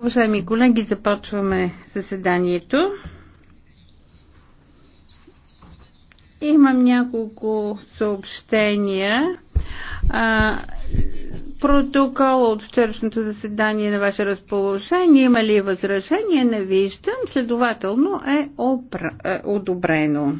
Уважаеми колеги, започваме заседанието. Имам няколко съобщения. А, протокола от вчерашното заседание е на ваше разположение. Има ли възражение? Не виждам. Следователно е, опра... е одобрено.